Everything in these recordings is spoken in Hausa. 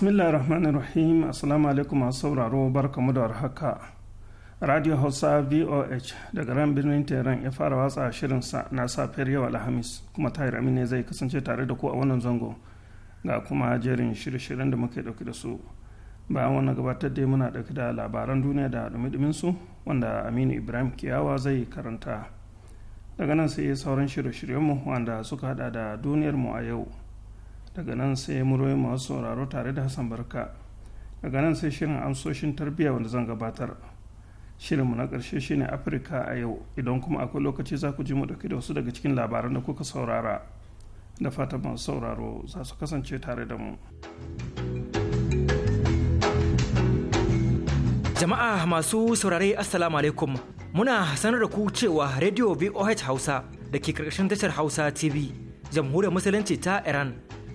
bismillah rahim assalamu alaikum masu sauraro barkamu da haka radio hausa voh daga ran birnin tehran ya fara watsa shirin sa na safiyar yau alhamis kuma tahir amine zai kasance tare da ku a wannan zango ga kuma jerin shirye-shiryen da muke dauke da su bayan wannan gabatar da muna dauke da labaran duniya da dumi su wanda aminu ibrahim kiyawa zai karanta daga nan sai sauran shirye shiryen mu wanda suka hada da duniyarmu a yau daga nan sai ya muryoyi masu sauraro tare da hassan barka daga nan sai shirin amsoshin tarbiyya wanda zan gabatar shirinmu na ƙarshe shine afirka a yau idan kuma akwai lokaci za ku ji mu ɗauki da wasu daga cikin labaran da kuka saurara da fatan masu sauraro za su kasance tare da mu jama'a masu saurare assalamu alaikum muna sanar da ku cewa radio voh hausa da ke karkashin tashar hausa tv jamhuriyar musulunci ta iran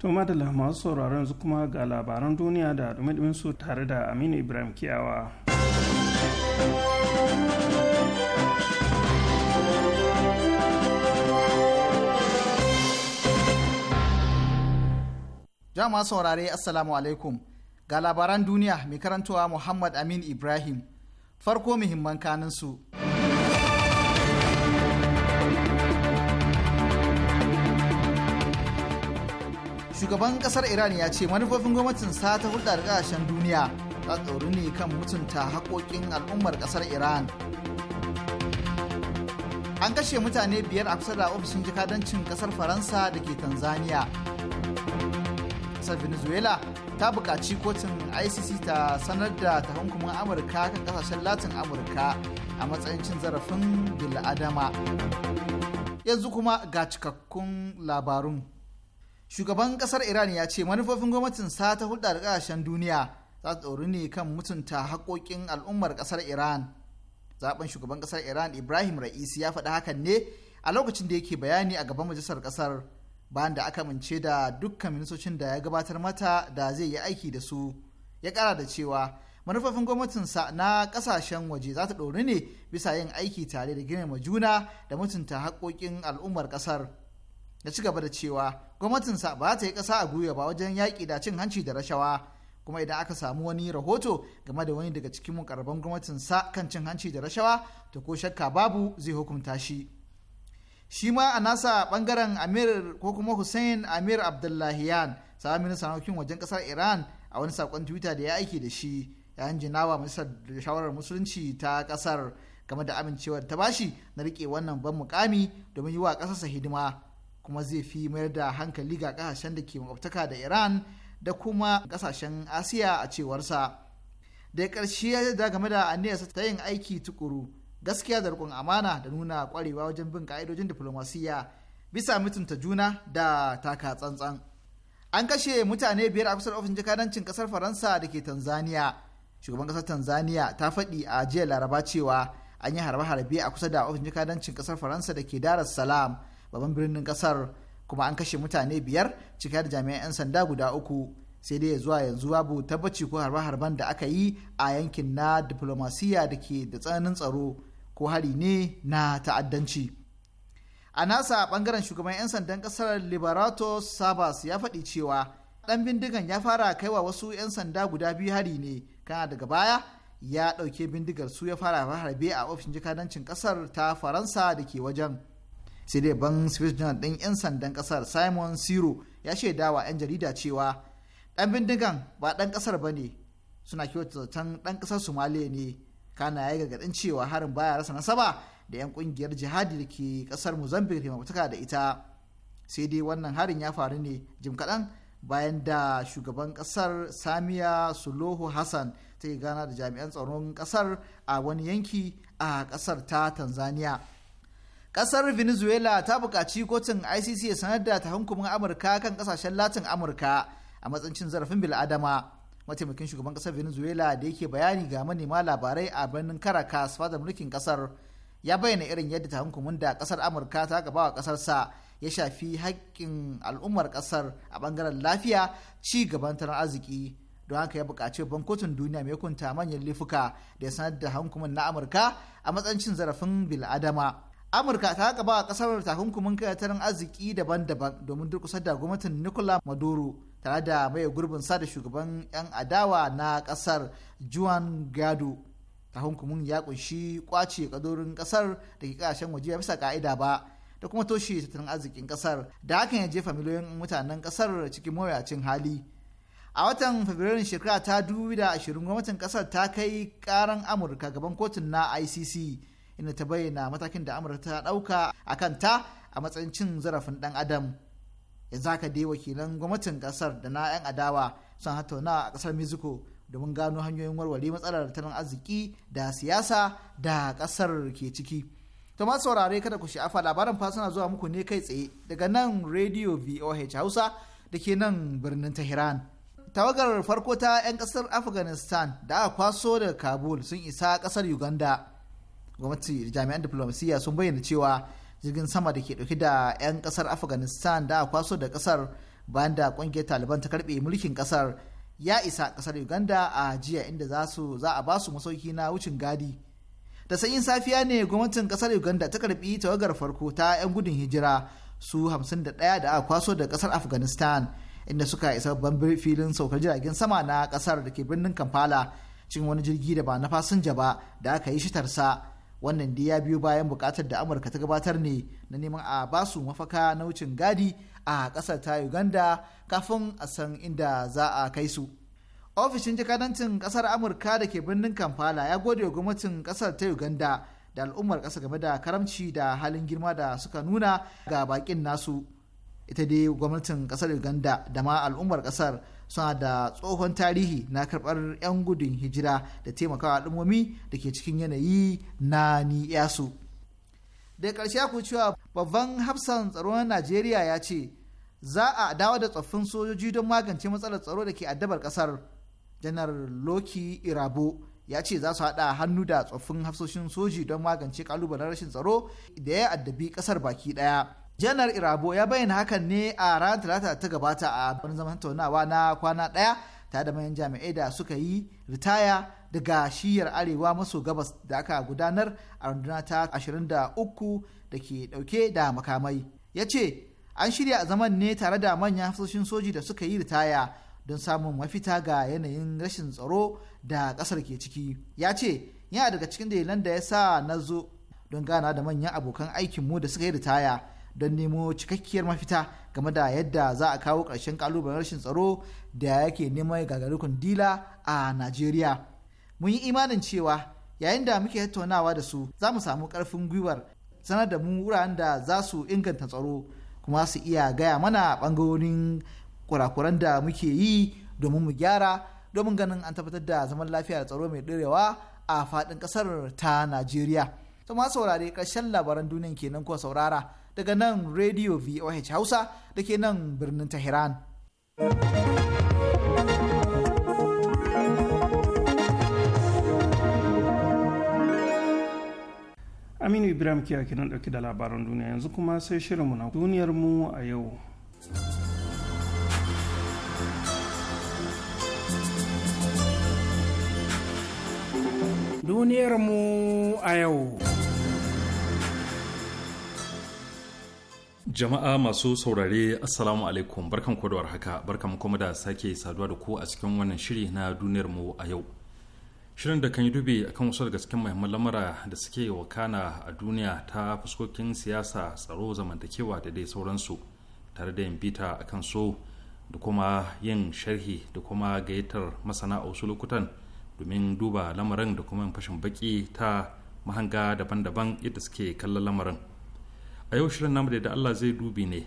to da masu sauraron yanzu kuma ga labaran duniya da dumi su tare da aminu ibrahim kiyawa jama'a saurare assalamu alaikum ga labaran duniya mai karantowa muhammad amin ibrahim farko muhimman kanin su shugaban kasar iran ya ce manufofin gwamnatin sa ta hulɗa da ƙasashen duniya za tsoro ne kan mutunta haƙoƙin al'ummar kasar iran an kashe mutane biyar a kusa da ofishin jikadancin kasar faransa da ke tanzania kasar venezuela ta buƙaci kotun icc ta sanar da takunkumin amurka kan kasashen latin amurka a matsayin cin zarafin bil'adama yanzu kuma ga cikakkun labarun shugaban kasar iran ya ce manufofin gwamnatin sa ta hulɗa da ƙasashen duniya za ta tsoro ne kan mutunta haƙoƙin al'ummar kasar iran zaben shugaban kasar iran ibrahim ra'isi ya faɗi hakan ne a lokacin da yake bayani a gaban majalisar kasar bayan da aka amince da dukkan ministocin da ya gabatar mata da zai yi aiki da su ya ƙara da cewa manufofin gwamnatin sa na ƙasashen waje za ta ɗori ne bisa yin aiki tare da ma juna da mutunta haƙoƙin al'ummar ƙasar da ci gaba da cewa gwamnatinsa ba ta yi ƙasa a gwiwa ba wajen yaƙi da cin hanci da rashawa kuma idan aka samu wani rahoto game da wani daga cikin mukarraban gwamnatinsa kan cin hanci da rashawa to ko shakka babu zai hukunta shi shi ma a nasa bangaren amir ko kuma hussein amir abdullahiyan sa'a ministan harkokin wajen kasar iran a wani sakon twitter da ya aiki da shi yayin jinawa da shawarar musulunci ta kasar game da amincewar ta bashi na rike wannan ban mukami domin yi wa ƙasarsa hidima kuma zai fi mayar da hankali ga kasashen da ke makwabtaka da iran da kuma kasashen asiya a cewarsa da ƙarshe ya da game da aniyarsa ta yin aiki tukuru gaskiya da riƙon amana da nuna kwarewa wajen bin ka'idojin diflomasiyya bisa mutunta juna da taka tsantsan an kashe mutane biyar a kusur ofishin jakadancin kasar faransa da ke tanzania shugaban ƙasar tanzania ta faɗi a jiya laraba cewa an yi harbe-harbe a kusa da ofishin jakadancin kasar faransa da ke dar es babban birnin kasar kuma an kashe mutane biyar cike da jami'an 'yan sanda guda uku sai dai zuwa yanzu babu tabbaci ko harbe-harben da aka yi a yankin na diplomasiya da ke da tsananin tsaro ko hari ne na ta'addanci a nasa bangaren shugaban 'yan sandan kasar liberato sabas ya faɗi cewa ɗan bindigan ya fara kaiwa wasu 'yan sanda guda biyu hari ne kana daga baya ya ɗauke bindigar su ya fara harbe a ofishin jikadancin kasar ta faransa da ke wajen sai dai ban janar ɗin 'yan sandan ƙasar simon siro ya shaidawa 'yan jarida cewa ɗan bindigan ba ɗan ƙasar ba ne suna kyautatan zaton ɗan ƙasar somaliya ne kana ya yi gargaɗin cewa harin baya rasa nasaba da 'yan ƙungiyar jihadi da ke ƙasar mozambique da mafutuka da ita sai dai wannan harin ya faru ne jim kaɗan bayan da shugaban ƙasar samiya suluhu hassan ta gana da jami'an tsaron ƙasar a wani yanki a ƙasar ta tanzania kasar venezuela ta bukaci kotun icc ya sanar da tahunkumin amurka kan kasashen latin amurka a matsayin zarafin bil'adama mataimakin shugaban kasar venezuela da yake bayani ga manema labarai a birnin caracas fadar mulkin kasar ya bayyana irin yadda tahunkumin da kasar amurka ta gaba wa kasarsa ya shafi haƙƙin al'ummar kasar a bangaren lafiya ci gaban tattalin arziki don haka ya buƙaci babban kotun duniya mai hukunta manyan laifuka da ya sanar da hankumin na amurka a matsayin zarafin bil'adama amurka ta ba a kasar takunkumin kai tattalin arziki daban-daban domin duk durkusar da gwamnatin nicola maduro tare da mai gurbin sada shugaban 'yan adawa na kasar juan gado takunkumin ya kunshi kwace kadorin kasar da ke kasashen waje bisa ka'ida ba da kuma toshe tattalin arzikin kasar da hakan ya jefa miliyoyin mutanen kasar cikin mawuyacin hali a watan fabrairun shekara ta 2020 gwamnatin kasar ta kai karan amurka gaban kotun na icc inda ta bayyana matakin da amurka ta ɗauka a kanta a matsayin cin zarafin ɗan adam yanzu haka dai wakilan gwamnatin ƙasar da na 'yan adawa sun hattauna a ƙasar mexico domin gano hanyoyin warware matsalar tattalin arziki da siyasa da ƙasar ke ciki to ma saurare kada ku sha'afa labaran fa suna zuwa muku ne kai tsaye daga nan radio voh hausa da ke nan birnin tehran tawagar farko ta 'yan kasar afghanistan da aka kwaso daga kabul sun isa ƙasar uganda gwamnati jami'an diplomasiyya sun bayyana cewa jirgin sama da ke dauke da 'yan kasar afghanistan da a kwaso da kasar bayan da kungiyar taliban ta karbe mulkin kasar ya isa kasar uganda a jiya inda za a ba su masauki na wucin gadi da sanyin safiya ne gwamnatin kasar uganda ta karbi tawagar farko ta 'yan gudun hijira su 51 da a kwaso da kasar afghanistan inda suka isa babban filin saukar jiragen sama na kasar da ke birnin kampala cikin wani jirgi da ba na fasinja ba da aka yi shitarsa wannan dai ya biyo bayan bukatar da amurka ta gabatar ne na neman a basu mafaka na wucin gadi a kasar ta uganda kafin a san inda za a kai su ofishin jakadancin kasar amurka da ke birnin kampala ya gode wa gwamnatin kasar ta uganda da al'ummar kasa game da karamci da halin girma da suka nuna ga bakin nasu ita dai gwamnatin kasar uganda da ma al'ummar kasar suna da tsohon tarihi na karɓar 'yan gudun hijira da taimakawa al'ummomi da ke cikin yanayi na niyasu. Da ƙarshe ku cewa babban hafsan tsaro na Najeriya ya ce za a dawo da tsoffin sojoji don magance matsalar tsaro da ke addabar ƙasar. Janar Loki Irabo ya ce za su haɗa hannu da tsoffin hafsoshin soji don magance ƙalubalen rashin tsaro da ya addabi ƙasar baki ɗaya. janar irabo ya bayyana hakan ne a ranar talata ta gabata a wani zaman tattaunawa na kwana daya tare da manyan jami'ai da suka yi ritaya daga shiyar arewa maso gabas da aka gudanar a runduna ta ashirin da uku ke dauke da makamai ya ce an shirya zaman ne tare da manyan hafsoshin soji da suka yi ritaya don samun mafita ga yanayin rashin tsaro da kasar ke ciki ya ce yana daga cikin dalilan da ya sa na zo don gana da manyan abokan aikinmu da suka yi ritaya don nemo cikakkiyar mafita game da yadda za a kawo ƙarshen kalubalen rashin tsaro da yake neman gagarukun dila a najeriya mun yi imanin cewa yayin da muke tattaunawa da su za mu samu ƙarfin gwiwar sanar da mu wuraren da za su inganta tsaro kuma su iya gaya mana ɓangarorin kurakuran da muke yi domin mu gyara domin ganin an tabbatar da zaman lafiya da tsaro mai ɗorewa a faɗin ƙasar ta najeriya to ma saurare ƙarshen labaran duniyan kenan ko saurara daga nan Radio VOH Hausa da ke nan birnin Tehran. Aminu Ibrahim Kiya kenan dauke da labaran duniya yanzu kuma sai shirinmu na duniyarmu a yau. Duniyarmu a yau. Jama'a masu saurare Assalamu alaikum barkan ku haka barkan kuma da sake saduwa da ku a cikin wannan shiri na duniyar mu a yau. Shirin da kan yi dubi akan wasu daga cikin muhimman lamura da suke wakana a duniya ta fuskokin siyasa, tsaro, zamantakewa da dai sauransu tare da yin bita a kan so da kuma yin sharhi da kuma gayyatar masana a wasu lokutan domin duba lamarin da kuma fashin baki ta mahanga daban-daban yadda suke kallon lamarin. a yau shirin namu da Allah zai dubi ne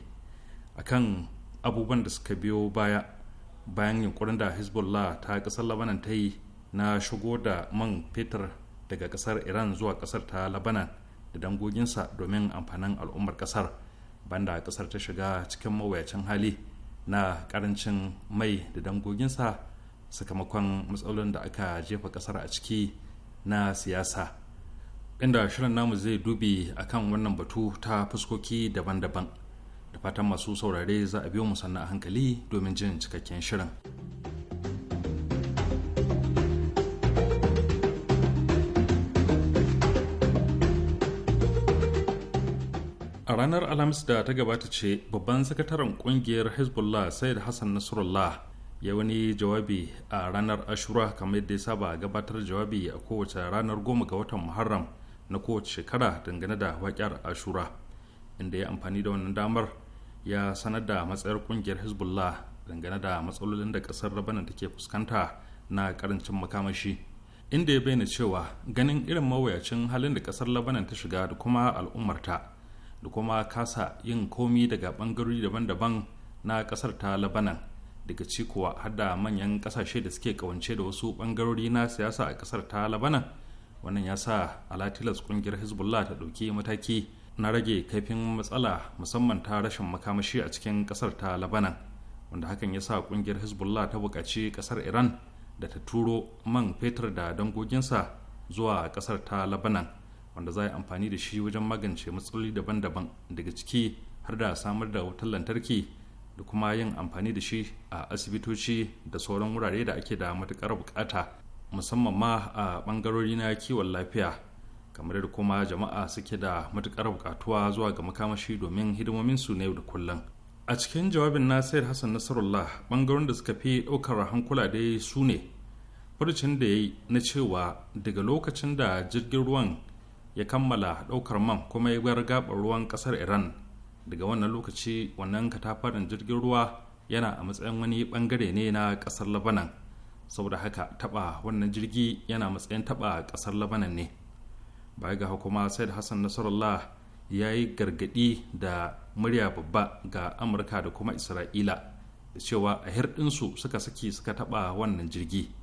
akan abubuwan da suka biyo baya bayan yunkurin da hezbollah ta kasar labanan ta yi na shigo da man fetur daga kasar iran zuwa kasar ta labanan da dangoginsa domin amfanin al'ummar kasar banda kasar ta shiga cikin mawuyacin hali na karancin mai da dangoginsa sakamakon matsalolin da aka jefa kasar a ciki na siyasa inda shirin namu zai dubi akan wannan batu ta fuskoki daban-daban da fatan masu saurare za a biyo mu a hankali domin jin cikakken shirin. a ranar alhamis da ta gabata ce babban sakataren kungiyar hezbollah sayyid hassan nasrullah ya wani jawabi a ranar ashura kamar yadda ya saba gabatar jawabi a kowace ranar goma ga watan muharram na kowace shekara dangane da waƙiyar ashura inda ya amfani da wannan damar ya sanar da matsayar kungiyar hezbollah dangane da matsalolin da ƙasar labanan take fuskanta na karancin makamashi inda ya bayyana cewa ganin irin mawuyacin halin da ƙasar labanan ta shiga da kuma al'ummarta da kuma kasa yin komi daga ɓangarori daban-daban na ƙasar ta labanan daga ci har da manyan kasashe da suke kawance da wasu bangarori na siyasa a ƙasar ta labanan wannan ya sa alatilas kungiyar hezbollah ta ɗauki mataki na rage kaifin matsala musamman ta rashin makamashi a cikin ƙasar ta labanan wanda hakan ya sa kungiyar hezbollah ta buƙaci ƙasar iran da ta turo man fetur da dangoginsa zuwa ƙasar ta labanan wanda za a yi amfani da shi wajen magance matsaloli daban-daban daga ciki har da samar da wutar lantarki da kuma yin amfani da shi a asibitoci da sauran wurare da ake da matuƙar buƙata musamman ma a bangarori na kiwon lafiya kamar da kuma jama'a suke da matukar bukatuwa zuwa ga makamashi domin hidimominsu na yau da kullum a cikin jawabin nasir hassan nasarullah bangaren da suka fi ɗaukar hankula dai su ne furucin da ya yi na cewa daga lokacin da jirgin ruwan ya kammala ɗaukar man kuma ya gwar gabar ruwan ƙasar iran daga wannan lokaci wannan katafaren jirgin ruwa yana a matsayin wani bangare ne na ƙasar labanan saboda haka taba wannan jirgi yana matsayin taba kasar labanan ne baya ga sai said hassan nasarallah ya yi gargadi da murya babba ga amurka da kuma isra'ila da cewa a hirɗinsu suka saki suka taba wannan jirgi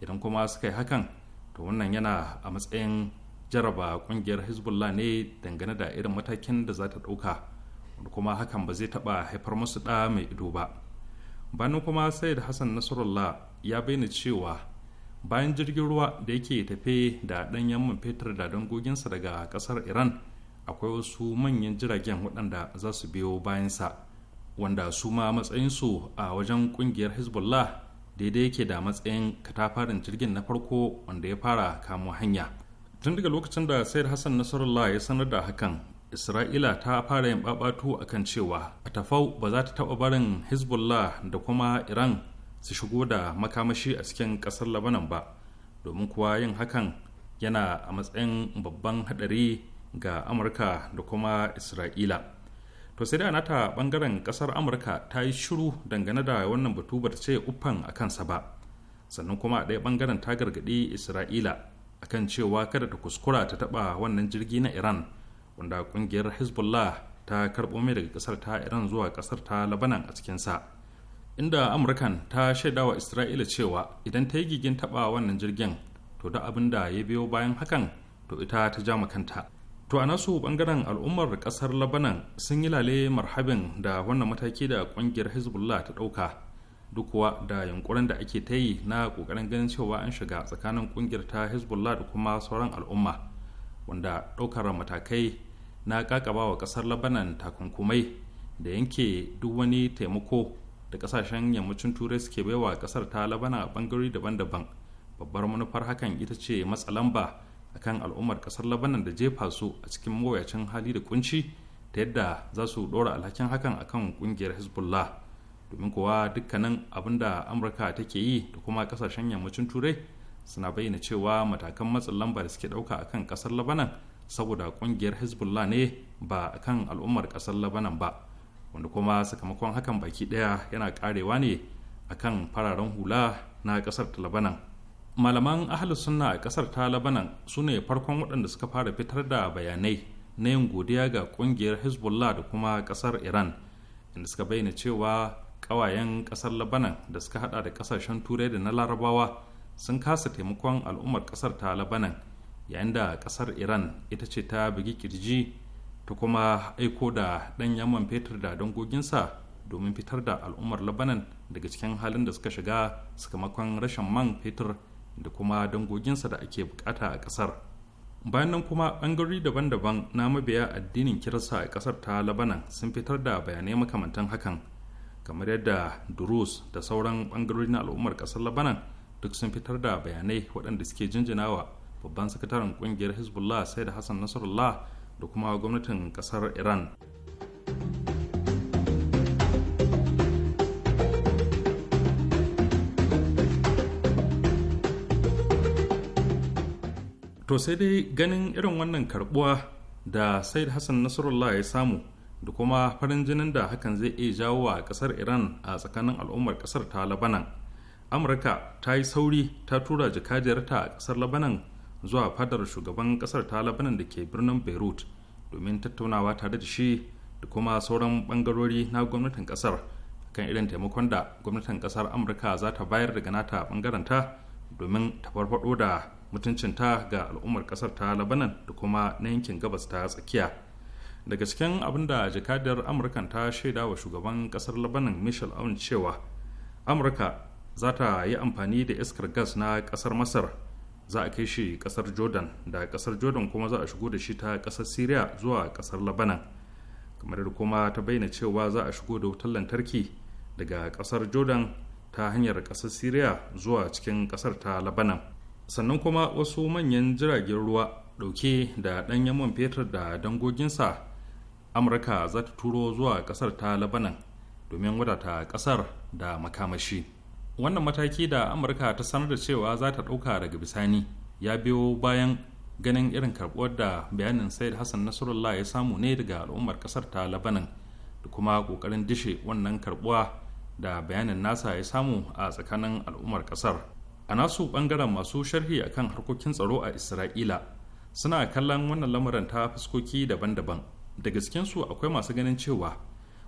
idan kuma suka yi hakan to wannan yana a matsayin jaraba ƙungiyar hezbollah ne dangane da irin matakin da za ta ɗauka wanda kuma hakan ba zai taɓa haifar masu ɗa mai ido ba bano kuma da hassan nasarallah ya bayyana cewa bayan jirgin ruwa da yake tafe da ɗanyen man fetur da dangoginsa daga ƙasar iran akwai wasu manyan jiragen waɗanda za su biyo bayansa wanda su ma matsayinsu a wajen ƙungiyar hezbollah daidai yake da matsayin katafarin jirgin na farko wanda ya fara kamo hanya tun daga lokacin da sayar hassan nasarullah ya sanar da hakan isra'ila ta fara yin babatu akan cewa a tafau ba za ta taɓa barin hezbollah da kuma iran su shigo da makamashi a cikin kasar labanan ba domin kuwa yin hakan yana a matsayin babban haɗari ga amurka da kuma isra'ila to sai da nata bangaren kasar amurka ta yi shiru dangane da wannan batu ba ce uffan a kansa ba sannan kuma a ɗaya bangaren ta gargaɗi isra'ila akan cewa kada ta kuskura ta taɓa wannan jirgi na iran wanda ƙungiyar hezbollah ta karɓo mai daga ƙasar ta iran zuwa ƙasar ta labanan a cikinsa inda amurkan ta shaida wa isra'ila cewa idan ta yi gigin taɓa wannan jirgin to da abin da ya biyo bayan hakan to ita ta ja makanta to a nasu bangaren al'ummar kasar labanan sun yi lale marhabin da wannan mataki da kungiyar hezbollah ta ɗauka duk kuwa da yunkurin da ake ta yi na kokarin ganin cewa an shiga tsakanin kungiyar ta hezbollah da kuma sauran al'umma wanda ɗaukar matakai na kakaba wa kasar labanan takunkumai da yanke duk wani taimako da kasashen yammacin turai suke baiwa kasar ta labana a bangarori daban-daban babbar manufar hakan ita ce matsa lamba akan al'ummar kasar labanan da jefa su a cikin mawuyacin hali da kunci ta yadda za su dora alhakin hakan akan kungiyar hezbollah domin kuwa dukkanin abin da amurka take yi da kuma kasashen yammacin turai suna bayyana cewa matakan matsin lamba da suke dauka akan kasar labanan saboda kungiyar hezbollah ne ba akan al'ummar kasar labanan ba wanda kuma sakamakon hakan baki daya yana karewa ne akan fararen hula na kasar ta labanan malaman ahalus sunna a kasar ta labanan su ne farkon waɗanda suka fara fitar da bayanai na yin godiya ga ƙungiyar hezbollah da kuma kasar iran inda suka bayyana cewa ƙawayen kasar labanan da suka hada da kasashen turai da na larabawa sun kasa taimakon al'ummar kasar ta labanan yayin da kasar iran ita ce ta bugi kirji ta kuma aiko da ɗan man fetur da dangoginsa domin fitar da al'ummar labanan daga cikin halin da suka shiga sakamakon rashin man fetur da kuma dangoginsa da ake bukata a ƙasar bayan nan kuma ɓangare daban-daban na mabiya addinin kirista a ƙasar ta labanan sun fitar da bayanai makamantan hakan kamar yadda durus da sauran ɓangarori na al'ummar ƙasar labanan duk sun fitar da bayanai waɗanda suke jinjinawa babban sakataren ƙungiyar hezbollah sai da hassan nasarullah da kuma gwamnatin kasar iran to sai dai ganin irin wannan karbuwa da said hassan nasarullah ya samu da kuma farin jinin da hakan zai iya jawo wa kasar iran a tsakanin al'ummar kasar ta labanan amurka ta yi sauri ta tura jakadiyarta a kasar labanan zuwa fadar shugaban kasar ta labanan da ke birnin beirut domin tattaunawa tare da shi da kuma sauran bangarori na gwamnatin kasar kan irin taimakon da gwamnatin kasar amurka za ta bayar daga nata bangaranta domin ta farfado da mutuncinta ga al'ummar kasar ta labanan da kuma na yankin gabas ta tsakiya daga cikin abin da jakadiyar amurkan ta shaida wa shugaban kasar labanan michel aun cewa amurka za ta yi amfani da iskar gas na kasar masar za a kai shi kasar jordan da kasar jordan kuma za a shigo da shi ta kasar syria zuwa kasar labanan kamar da kuma ta bayyana cewa za a shigo da wutar lantarki daga kasar jordan ta hanyar kasar syria zuwa cikin kasar ta labanan sannan kuma wasu manyan jiragen ruwa dauke da danyen man fetur da dangoginsa amurka za ta turo zuwa kasar ta labanan domin wadata kasar da makamashi wannan mataki da amurka ta sanar da cewa za ta ɗauka daga bisani ya biyo bayan ganin irin karbuwar da bayanin said hassan nasarullah ya samu ne daga al'ummar ƙasar ta labanan da kuma ƙoƙarin dishe wannan karbuwa da bayanin nasa ya samu a tsakanin al'ummar ƙasar a nasu ɓangaren masu sharhi akan harkokin tsaro a isra'ila suna kallon wannan lamuran ta fuskoki daban-daban da gaskensu akwai masu ganin cewa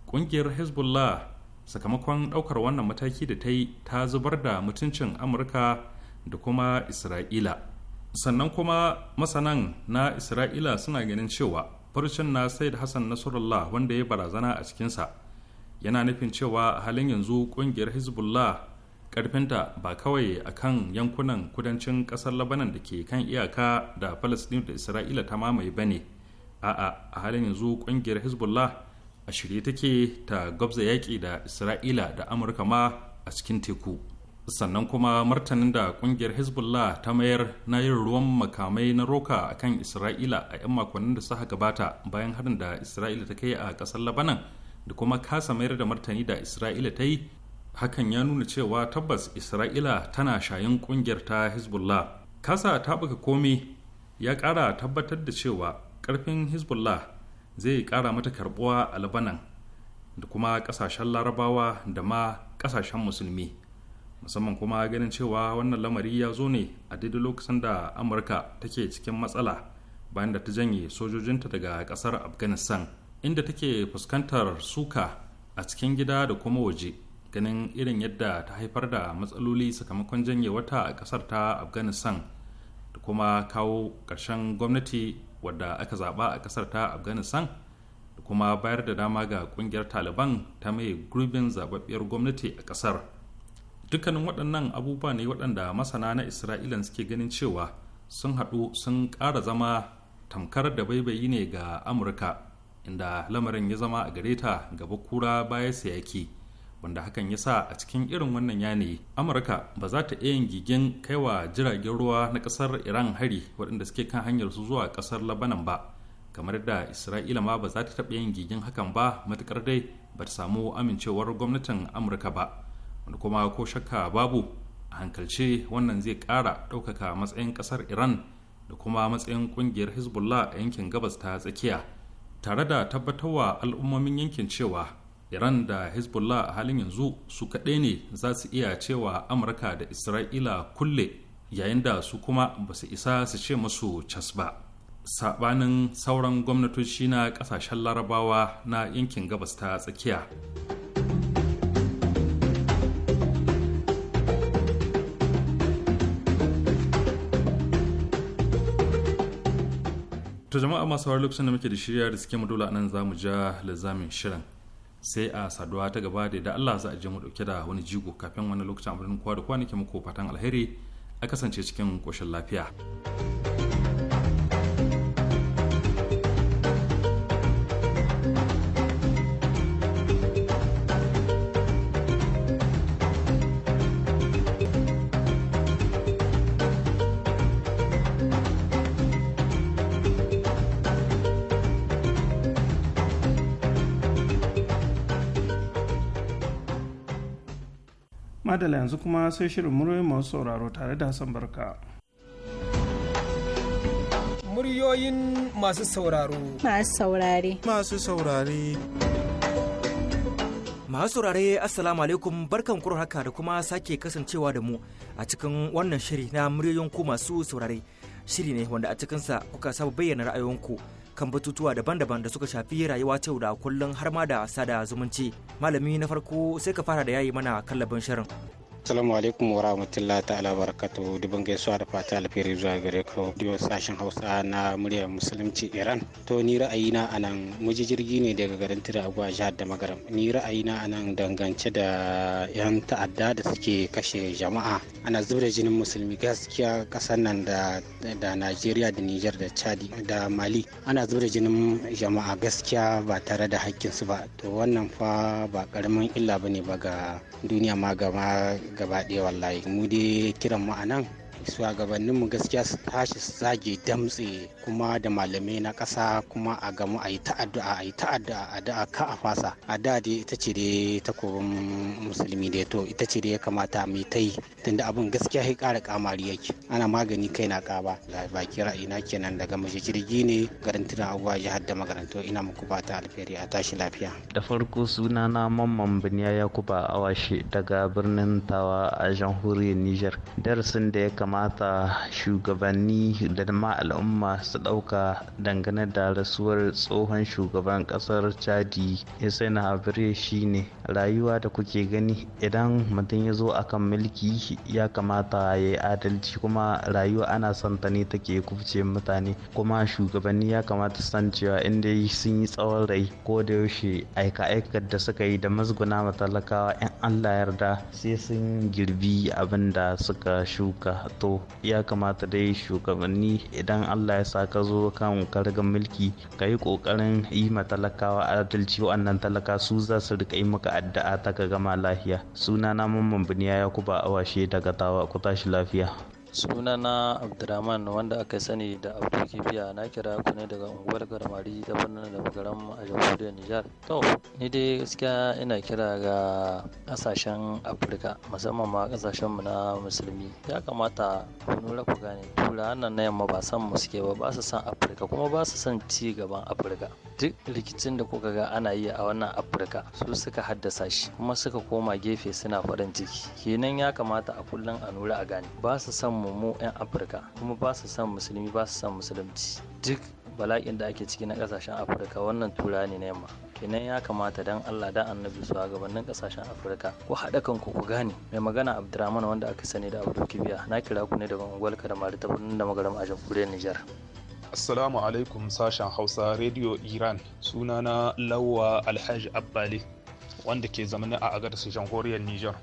ƙungiyar hezbollah sakamakon ɗaukar wannan mataki da ta yi ta zubar da mutuncin amurka da kuma isra'ila sannan kuma masanan na isra'ila suna ganin cewa farcin na said hassan nasrullah wanda ya barazana a cikinsa yana nufin cewa a halin yanzu kungiyar hezbollah karfinta ba kawai a kan yankunan kudancin kasar labanan da ke kan iyaka da palestine da isra'ila ta mamaye ba ne a'a a halin yanzu kungiyar hezbollah a shirye take ta gwabza yaƙi da isra'ila da amurka ma a cikin teku sannan kuma martanin da ƙungiyar hezbollah ta mayar na yin ruwan makamai na roka a kan isra'ila a 'yan makonnin da suka gabata bayan harin da isra'ila ta kai a ƙasar labanan da kuma kasa mayar da martani da isra'ila ta yi hakan ya nuna cewa tabbas isra'ila tana shayin ƙungiyar ta hezbollah kasa ta buga komai ya ƙara tabbatar da cewa ƙarfin hezbollah zai ƙara mata karbuwa a labanan da kuma ƙasashen larabawa da ma ƙasashen musulmi musamman kuma ganin cewa wannan lamari ya zo ne a daidai lokacin da amurka take cikin matsala bayan da ta janye sojojinta daga ƙasar afghanistan inda take fuskantar suka a cikin gida da kuma waje ganin irin yadda ta haifar da matsaloli sakamakon janye wata a ƙasar ta afghanistan da kuma kawo ƙarshen gwamnati wadda aka zaba a kasar ta afghanistan da kuma bayar da dama ga kungiyar taliban ta mai gurbin zababbiyar gwamnati a kasar dukkanin waɗannan abubuwa ne waɗanda masana na isra'ilan suke ganin cewa sun haɗu sun ƙara zama tamkar da baibayi ne ga amurka inda lamarin ya zama a gare ta gaba kura baya sayaki wanda hakan ya sa a cikin irin wannan yanayi amurka ba za ta iya yin gigin kaiwa jiragen ruwa na kasar iran hari waɗanda suke kan hanyar su zuwa kasar labanan ba kamar da isra'ila ma ba za ta taɓa yin gigin hakan ba matukar dai ba ta samu amincewar gwamnatin amurka ba wanda kuma ko shakka babu a hankalce wannan zai ƙara ɗaukaka matsayin ƙasar iran da kuma matsayin ƙungiyar hezbollah a yankin gabas ta tsakiya tare da tabbatarwa al'ummomin yankin cewa iran da hezbollah a halin yanzu su kaɗai ne za su iya cewa amurka da isra'ila kulle yayin da su kuma ba su isa su ce masu cas ba sabanin sauran gwamnatoci na ƙasashen larabawa na yankin gabas ta tsakiya to jama'a masu lokacin da muke da shirya da suke mu nan za mu ja lizamin shirin sai a saduwa ta gaba da da Allah za a je mu dauke da wani jigo kafin wani lokacin amurin kowa da kwanaki muku fatan alheri a kasance cikin koshin lafiya. madala yanzu kuma sai shirin murwai masu sauraro tare da hassan barka muryoyin masu sauraro masu saurare masu saurare masu saurare assalamu alaikum barkan kuro haka da kuma sake kasancewa da mu a cikin wannan shiri na muryoyin ku masu saurare shiri ne wanda a cikinsa kuka saba bayyana ra'ayoyinku kan batutuwa daban-daban da suka shafi rayuwa ta yau da kullum har ma da sada zumunci malami na farko sai ka fara da yayi mana kallabin shirin Assalamu alaikum wa rahmatullahi ta'ala barakatu dubin gaisuwa da fata alfiri zuwa gare ka diwa sashen Hausa na muryar musulunci Iran. To ni ra'ayina anan muji jirgi ne daga garin Tiragwa jihar da Magaram. Ni ra'ayina anan dangance da yan ta'adda da suke kashe jama'a. Ana zubda jinin musulmi gaskiya kasar nan da da Najeriya da Niger da Chad da Mali. Ana zubda jinin jama'a gaskiya ba tare da hakkinsu ba. To wannan fa ba karamin illa bane ba ga duniya ma ga gaba ɗaya wallahi mu dai kiran mu a nan shugabanninmu gaskiya su tashi su zage damtse kuma da malamai na ƙasa kuma a gamu a yi ta'addu'a a yi ta'addu'a a da'a ka a fasa a da dai ita ce dai ta koban musulmi dai to ita ce dai ya kamata mai ta yi tunda abin gaskiya ya ƙara kamari yake ana magani kai na ƙaba baki ra'ayina kenan daga mace jirgi ne garin tunan abubuwa jihar da magaranto ina muku fata alheri a tashi lafiya da farko suna na mamman biniya yakuba awashi daga birnin tawa a jamhuriyar niger darasin da ya kamata kamata shugabanni da ma al'umma su ɗauka dangane da rasuwar tsohon shugaban ƙasar chadi hissein habre shine rayuwa da kuke gani idan mutum ya zo akan mulki ya kamata ya yi adalci kuma rayuwa ana son ta ne take kubce mutane kuma shugabanni ya kamata san cewa inda sun yi tsawon rai ko da yaushe aika aikar da suka yi da mazguna talakawa, in allah yarda sai sun girbi abin da suka shuka to ya kamata dai shugabanni idan allah ya sa ka zo kan karga mulki ka yi kokarin yi talakawa, adalci wa'annan talaka su za su rika yi maka addu'a ta ga gama lafiya sunana mamman biniya yakuba awashe daga tawa ku tashi lafiya sunana abdulrahman wanda aka sani da abdu kibiya na kira ku ne daga unguwar garmari ta birnin da a jamhuriyar nijar to ni dai gaskiya ina kira ga kasashen afirka musamman ma kasashen mu na musulmi ya kamata ku nura ku gane tura nan na yamma ba san mu suke ba ba su san afirka kuma ba su san ci gaban afirka duk rikicin da kuka ga ana yi a wannan afirka su suka haddasa shi kuma suka koma gefe suna farin ciki kenan ya kamata a kullum a nura a gane ba su san mu mu 'yan afirka kuma ba su san musulmi ba su san musulunci duk bala'in da ake ciki na kasashen afirka wannan tura ne na yamma kenan ya kamata dan allah da annabi su gabanin kasashen afirka ku haɗa kanku ku gane mai magana abdurrahman wanda aka sani da abdul kibiya na kira ku ne daga unguwar da ta birnin da magaram a jamhuriyar nijar Assalamu alaikum sashen Hausa Radio Iran sunana Lawa Alhaji Abbali wanda ke zamani a agar jamhuriyar Nijar.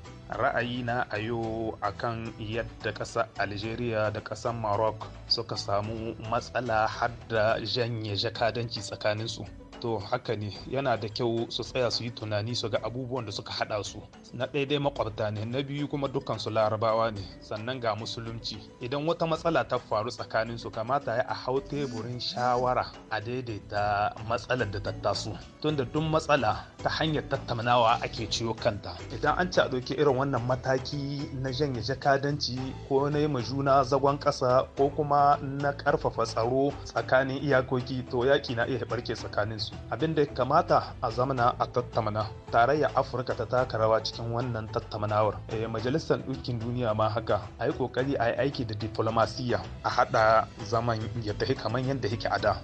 na a yau akan yadda ƙasa Algeria da ƙasar Maroc suka samu matsala har da janye jakadanci tsakaninsu. to haka ne yana da kyau su tsaya su yi tunani su ga abubuwan da suka haɗa su na ɗaya dai makwabta ne na biyu kuma dukkan su larabawa ne sannan ga musulunci idan wata matsala ta faru tsakanin su kamata ya a hau teburin shawara a daidaita matsalar da ta taso tunda duk matsala ta hanyar tattaunawa ake ciwo kanta idan an ci a ɗauki irin wannan mataki na janye jakadanci ko na yi juna zagon ƙasa ko kuma na ƙarfafa tsaro tsakanin iyakoki to yaƙi na iya barke tsakanin su abin da kamata a zamana a tattamana tarayyar afirka ta taka rawa cikin wannan tattamanawar e, majalisar ɗukin duniya ma haka a yi ƙoƙari a yi aiki da diflomasiyya a haɗa zaman yadda kamar yadda yake a da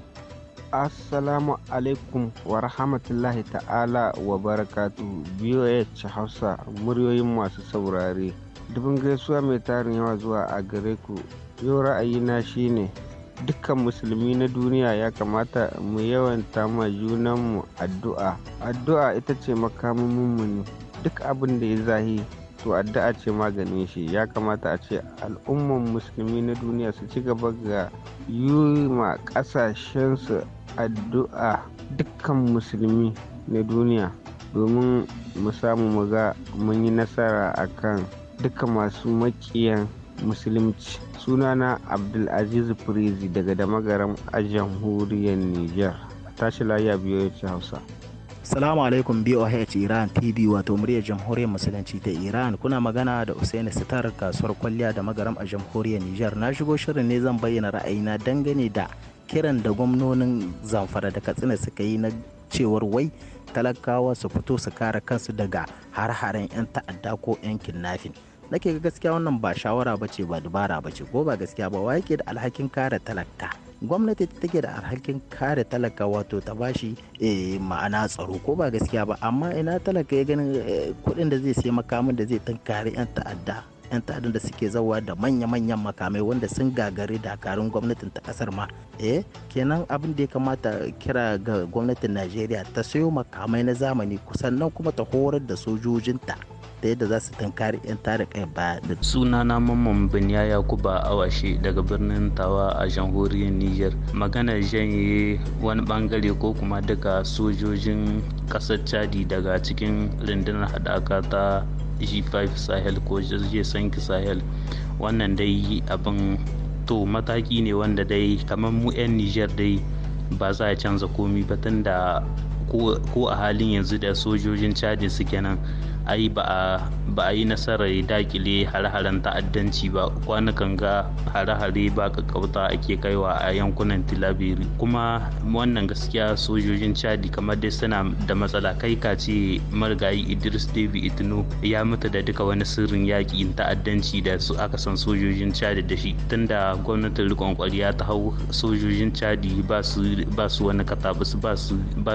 Assalamu alaikum wa rahmatullahi ta'ala wa barakatu BOH Hausa muryoyin masu saurare. Dubin gaisuwa mai tarin yawa zuwa a gare ku. Yau ra'ayina shine dukkan musulmi na duniya ya kamata mu yawanta ma junanmu addu'a addu'a ita ce makamin mummuni duk abin da ya zahi to addu'a ce maganin shi ya kamata a ce al'umman musulmi na duniya su ci gaba ga yi ma ƙasashensu addu'a dukkan musulmi na duniya domin mu samu mu ga mun yi nasara akan duka masu maƙiyan. musulunci sunana abdulaziz prezi daga damagaram a jamhuriyar niger tashi lafiya biyu ya hausa Salamu alaikum BOH Iran TV wato muryar jamhuriyar musulunci ta Iran kuna magana da Usaini Sitar kasuwar kwalliya da magaram a jamhuriyar niger na shigo shirin ne zan bayyana ra'ayina dangane da kiran da gwamnonin zamfara da katsina suka yi na cewar wai talakawa su fito su kare kansu daga har-haren 'yan ta'adda ko 'yan kidnapping nake ga gaskiya wannan ba shawara ba ce ba dubara ba ce ko ba gaskiya ba wa yake da alhakin kare talaka gwamnati take da alhakin kare talaka wato ta bashi eh, ma'ana tsaro ko ba gaskiya ba amma ina talaka ya ganin eh, kuɗin da zai sai makamin da zai tankare 'yan ta'adda 'yan ta'addan da suke zawa da manya-manyan makamai wanda sun gagari dakarun gwamnatin ta kasar ma eh kenan abin da ya kamata kira ga gwamnatin najeriya ta sayo makamai na zamani kusan nan kuma ta horar da sojojinta da yadda za su tunkari 'yan tada kai baya da sunana mamman biniya yakuba awashi daga birnin tawa a jamhuriyar niger magana janye wani bangare ko kuma duka sojojin kasar chadi daga cikin rundunar hadaka ta g5 sahel ko jirgin sanki sahel wannan dai abin to mataki ne wanda dai kamar mu 'yan niger dai ba za a canza komi ba tun da ko a halin yanzu da sojojin chadi suke nan ai ba a yi nasarar dakile hare-haren ta'addanci ba kwanakan ga hare-hare ba kakkauta ake kaiwa a yankunan tilabiri kuma wannan gaskiya sojojin chadi kamar dai suna da matsala kai ka ce marigayi idris david itinu ya mutu da duka wani sirrin yaƙi ta'addanci da su aka san sojojin chadi da shi tunda gwamnatin rikon kwariya ta hau sojojin chadi ba su wani katabus ba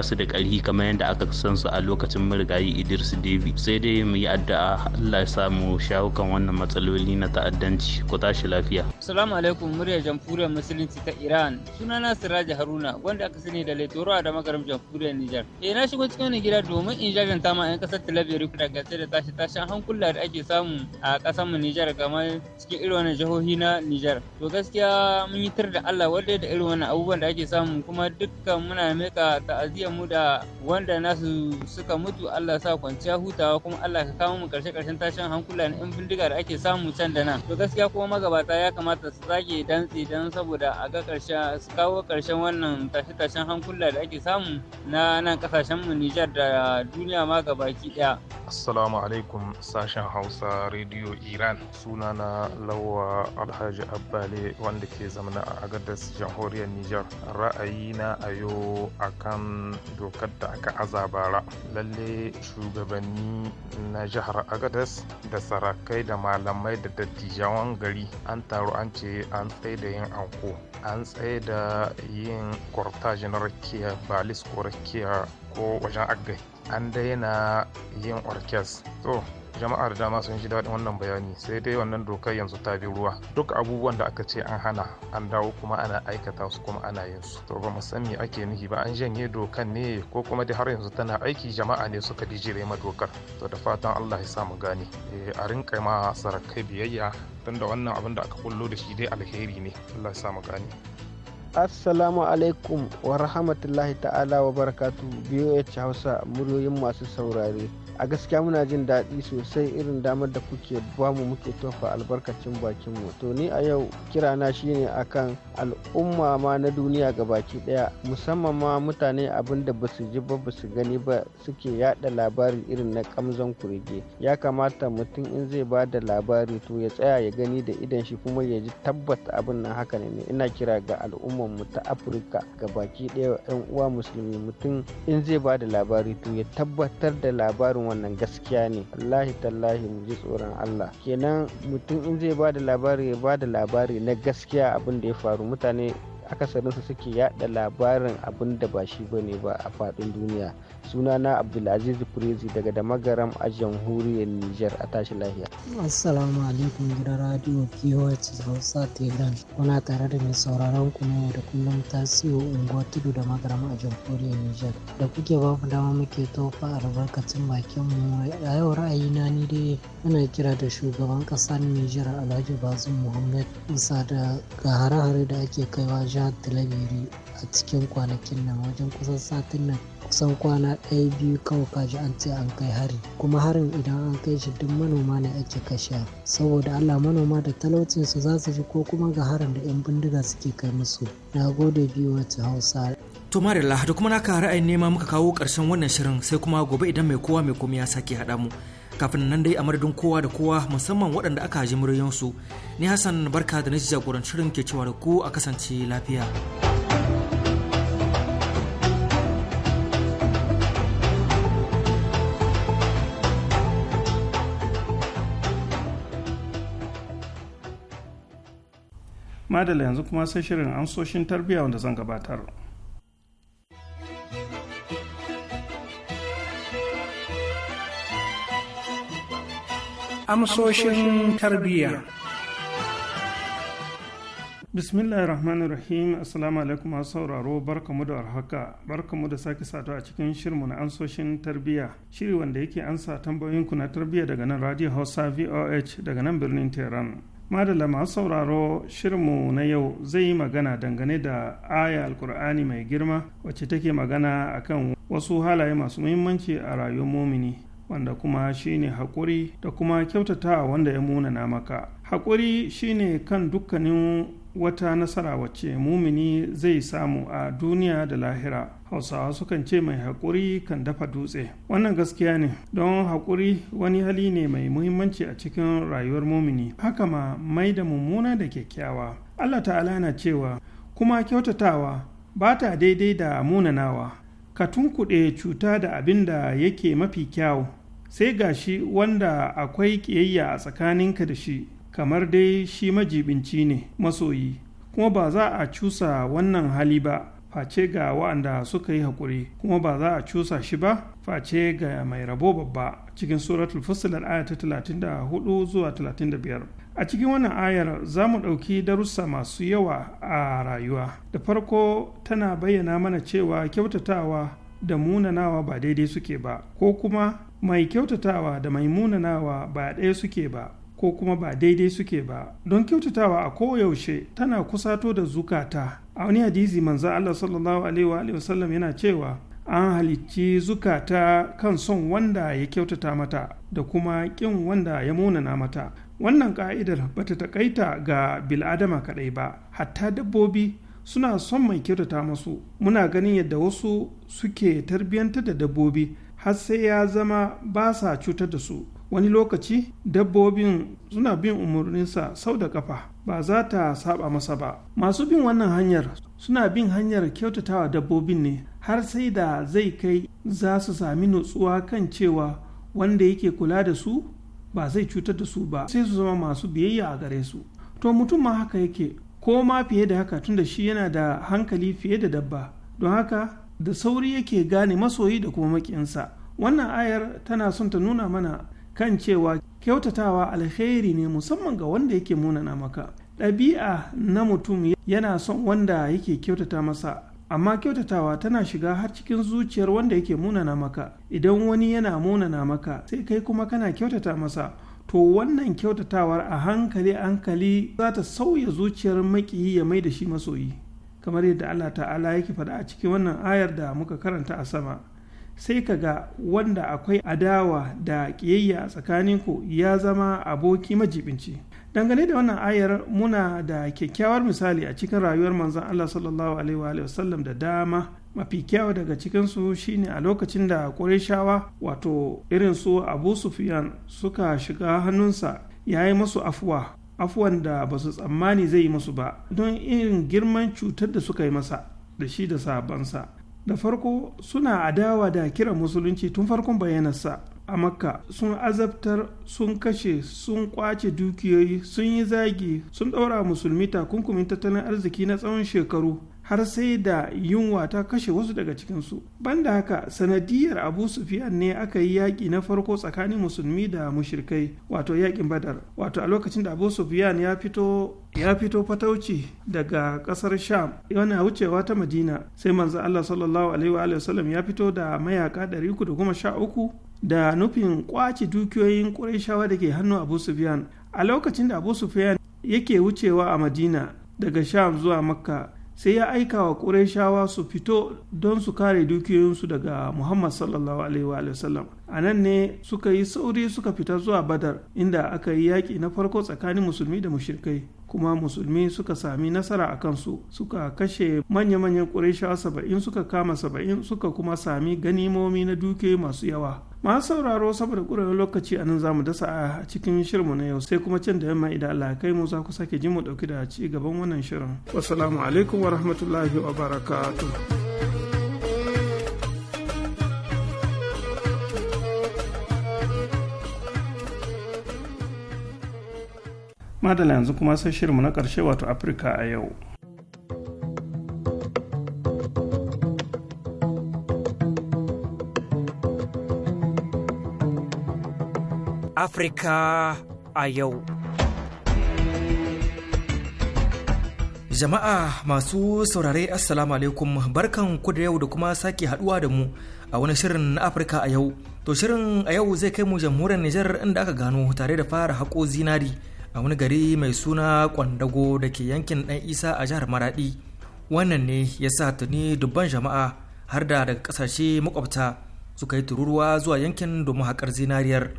su da ƙarfi kamar yadda aka san su a lokacin marigayi idris david sai dai mu yi addu'a Allah ya samu shawukan wannan matsaloli na ta'addanci ku tashi lafiya. Assalamu alaikum murya jamhuriyar musulunci ta Iran suna sunana Siraji Haruna wanda aka sani da Laitoro da magaram jamhuriyar Nijar. Eh na shigo cikin wani gida domin in jajanta ma 'yan kasar Talabiyar da gaske da tashi tashin hankula da ake samu a ƙasar mu Nijar kamar cikin irin wannan jihohi na Nijar. To gaskiya mun yi tar da Allah wanda da irin wannan abubuwan da ake samu kuma dukkan muna mika ta'aziyar mu da wanda nasu suka mutu Allah sa kwanciya hutawa kuma mu Allah ka kawo mu karshe karshen tashin hankula na yan bindiga da ake samu can da nan to gaskiya kuma magabata ya kamata su zage dantse dan saboda a ga karshen su kawo karshen wannan tashe tashen hankula da ake samu na nan kasashen mu Nijar da duniya ma gabaki daya assalamu alaikum sashen Hausa Radio Iran sunana Lawa Alhaji Abbale wanda ke zamana a Agadez jamhuriyar Nijar Ra'ayi na ayo akan dokar da aka aza bara lalle shugabanni na jihar agadas da sarakai da malamai da dattijawan gari an taru an ce an tsaye da yin anko an tsaye da yin kwartaji na rakiya balis ko rakiya ko wajen agai an daina yin orkes so jama'a da dama sun ji daɗin wannan bayani sai dai wannan dokar yanzu ta bi ruwa duk abubuwan da aka ce an hana an dawo kuma ana aikata su kuma ana yin su to ba me ake nufi ba an janye dokan ne ko kuma dai har yanzu tana aiki jama'a ne suka dijire ma dokar to da fatan Allah ya sa mu gane eh, a rinka ma sarakai biyayya tun da wannan abin da aka kullo da shi dai alheri ne Allah ya sa mu gane assalamu alaikum wa rahmatullahi ta'ala wa barakatu biyo hausa muryoyin masu saurare a gaskiya muna jin daɗi sosai irin damar da kuke bamu muke tofa albarkacin bakinmu to ni a yau kirana shine akan al'umma ma na duniya baki ɗaya musamman ma mutane abin da basu ji ba su gani ba suke yada labari irin na kamzon kurege ya kamata mutum in zai ba da labari to ya tsaya ya gani da idan shi kuma ya ji tabbata abin nan haka ne ina kira ga al'ummar mu ta afirka ga baki ɗaya yan uwa musulmi mutum in zai ba da labari to ya tabbatar da labarin wannan gaskiya ne wallahi tallahi mu ji tsoron Allah kenan mutum in zai ba da labari ba da labari na gaskiya abin da ya faru mutane akasarinsu suke yada labarin abin da ba shi bane ba a faɗin duniya sunana abdulaziz kurezi daga damagaram a jamhuriyar niger a tashi lahiya assalamu alaikum gidan radio pos hausa tehran kuna tare da mai sauraron ku na da kullum tasiyo unguwa tudu da magaram a jamhuriyar niger da kuke ba mu dama muke tofa albarkacin bakin mu a yau ra'ayi na ni dai ana kira da shugaban kasar niger alhaji bazin muhammad musa da ga hare-hare da ake kaiwa jihar talabiri a cikin kwanakin nan wajen kusan satin nan kusan kwana ɗaya biyu kawai kaji an ce an kai hari kuma harin idan an kai shi duk manoma ne ake kashe saboda allah manoma da su za su ji ko kuma ga harin da 'yan bindiga suke kai musu na gode biyu wata hausa To Marilla, da kuma naka ra'ayin nema muka kawo ƙarshen wannan shirin sai kuma gobe idan mai kowa mai komai ya sake haɗa mu. Kafin nan dai a madadin kowa da kowa musamman waɗanda aka ji muryansu. Ni Hassan barka da na jagorancin shirin ke cewa da ku a kasance lafiya. madala yanzu kuma sai shirin amsoshin tarbiyya wanda zan gabatar amsoshin tarbiyya bismillahir rahmanir rahim assalamu alaikum masu sauraro barkamu da warhaka barkamu da sake sato a cikin shirmu na ansoshin tarbiyya shiri wanda yake ansa tambayoyinku na tarbiyya daga nan radio hausa voh daga nan birnin tehran Madala masu sauraro shirinmu na yau zai yi magana dangane da aya alkur'ani mai girma wacce take magana akan wasu halaye masu muhimmanci a rayuwar mumini wanda kuma shine haƙuri da kuma kyautata wanda ya munana maka haƙuri shine kan dukkanin wata nasara wacce mumini zai samu a duniya da lahira hausawa sukan ce mai haƙuri kan dafa dutse wannan gaskiya ne don haƙuri wani hali ne mai muhimmanci a cikin rayuwar mumini haka ma mai da mummuna da kyakkyawa allah ta'ala na cewa kuma kyautatawa ba ta daidai da munanawa ka tunkuɗe cuta da abin da yake mafi kyau. sai gashi wanda akwai ƙiyayya a tsakaninka da shi kamar dai shi majibinci ne masoyi kuma ba za a cusa wannan hali ba face ga waɗanda suka yi haƙuri kuma ba za a cusa shi ba face ga mai rabo babba cikin suratul fusilar aya ta 34 zuwa 35 a cikin wannan ayar za mu ɗauki darussa masu yawa a rayuwa da farko tana bayyana mana cewa kyautatawa da munanawa ba daidai suke ba ko kuma mai kyautatawa da mai munanawa ba ɗaya suke ba ko kuma ba daidai suke ba don kyautatawa a koyaushe tana kusato da zukata a wani hadisi manza Allah sallallahu alaihi wa sallam yana cewa an halicci zukata kan son wanda ya kyautata mata da kuma ƙin wanda ya munana mata wannan ka'idar bata takaita ga bil'adama kadai ba hatta dabbobi suna son mai kyautata masu muna ganin yadda wasu suke tarbiyyantar da dabbobi har sai ya zama ba sa cutar da su wani lokaci dabbobin suna bin umarninsa sau da kafa ba za ta saba masa ba masu bin wannan hanyar suna bin hanyar kyautatawa dabbobin ne har sai da zai kai za su sami nutsuwa kan cewa wanda yake kula da su ba zai cutar da su ba sai su zama masu biyayya a gare su to mutum ma haka yake ko ma fiye da haka tunda shi yana da hankali fiye da dabba don haka da sauri yake gane masoyi da kuma makinsa wannan ayar tana son ta nuna mana kan cewa kyautatawa alheri ne musamman ga wanda yake munana maka ɗabi'a na mutum yana son wanda yake kyautata masa amma kyautatawa tana shiga har cikin zuciyar wanda yake munana maka idan wani yana munana maka sai kai kuma kana kyautata masa to wannan kyautatawar a hankali hankali za ta sauya zuciyar makiyi ya mai da shi masoyi kamar yadda allah ta'ala yake faɗa a cikin wannan ayar da muka karanta a sama sai ka ga wanda akwai adawa da ƙiyayya a ku ya zama aboki majibinci dangane da wannan ayar muna da kyakkyawar misali a cikin rayuwar manzon Allah sallallahu alaihi wa sallam da dama mafi kyau daga cikinsu shine a lokacin da Qurayshawa wato irin su Abu Sufyan suka shiga hannunsa ya yi masu afuwa afuwan da ba su tsammani zai yi masu ba don irin girman cutar da suka yi masa da shi da sabansa da farko suna adawa da kiran musulunci tun farkon bayanarsa a makka sun azabtar sun kashe sun kwace dukiyoyi sun yi zagi sun ɗaura musulmi takunkumin tattalin arziki na tsawon shekaru har sai da yunwa ta kashe wasu daga cikinsu banda haka sanadiyar abu sufiyan ne aka yi yaƙi na farko tsakanin musulmi da mushirkai wato yaƙin badar wato a lokacin da abu sufiyan ya fito ya fatauci daga ƙasar sham na wucewa ta madina sai manzo allah sallallahu alaihi wa sallam ya fito da mayaka uku da sha uku da nufin kwace dukiyoyin ƙurayshawa da ke hannu abu sufiyan a lokacin da abu sufiyan yake wucewa a madina daga sham zuwa makka sai ya aika wa ƙureshawa su fito don su kare dukiyoyinsu daga muhammad sallallahu alaihi a nan ne suka yi sauri suka fita zuwa badar inda aka yi yaƙi na farko tsakanin musulmi da mushrikai kuma musulmi suka sami nasara a kansu suka kashe manya-manyan ƙureshawa saba'in suka kama saba'in suka kuma sami ganimomi na dukiyoyi masu yawa masu sauraro saboda ƙurewar lokaci a nan zamu dasa a cikin shirinmu na yau sai kuma can da yamma idan Allah kai mu za ku sake jin mu ɗauki da ci gaban wannan shirin wassalamu alaikum wa rahmatullahi wa barakatuh madala yanzu kuma sai shirinmu na ƙarshe wato afirka a yau Afirka a yau. Jama'a masu saurare Assalamu alaikum barkan ku da yau da kuma sake haduwa da mu a wani shirin na Afirka a yau. To shirin a yau zai kai mu jamhuriyar Nijar inda aka gano tare da fara haƙo zinari a wani gari mai suna Kwandago da ke yankin ɗan Isa a jihar Maradi. Wannan ne ya sa tuni dubban jama'a har da daga ƙasashe makwabta suka yi tururuwa zuwa yankin domin haƙar zinariyar.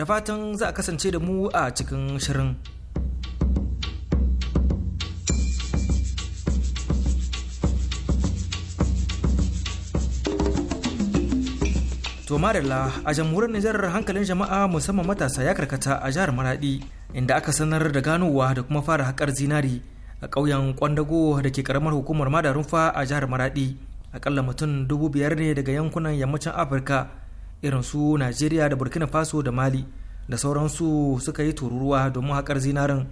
da fatan za a kasance da mu a cikin shirin. To Marilla a jamhuriyar Nijar hankalin jama'a musamman matasa ya karkata a jihar Maradi inda aka sanar da ganowa da kuma fara haƙar zinari a ƙauyen Kwandago da ke ƙaramar hukumar Madarunfa a jihar Maradi. Akalla mutum dubu biyar ne daga yankunan yammacin Afirka irin su najeriya da burkina faso da mali da sauransu suka yi tururuwa domin haƙar zinarin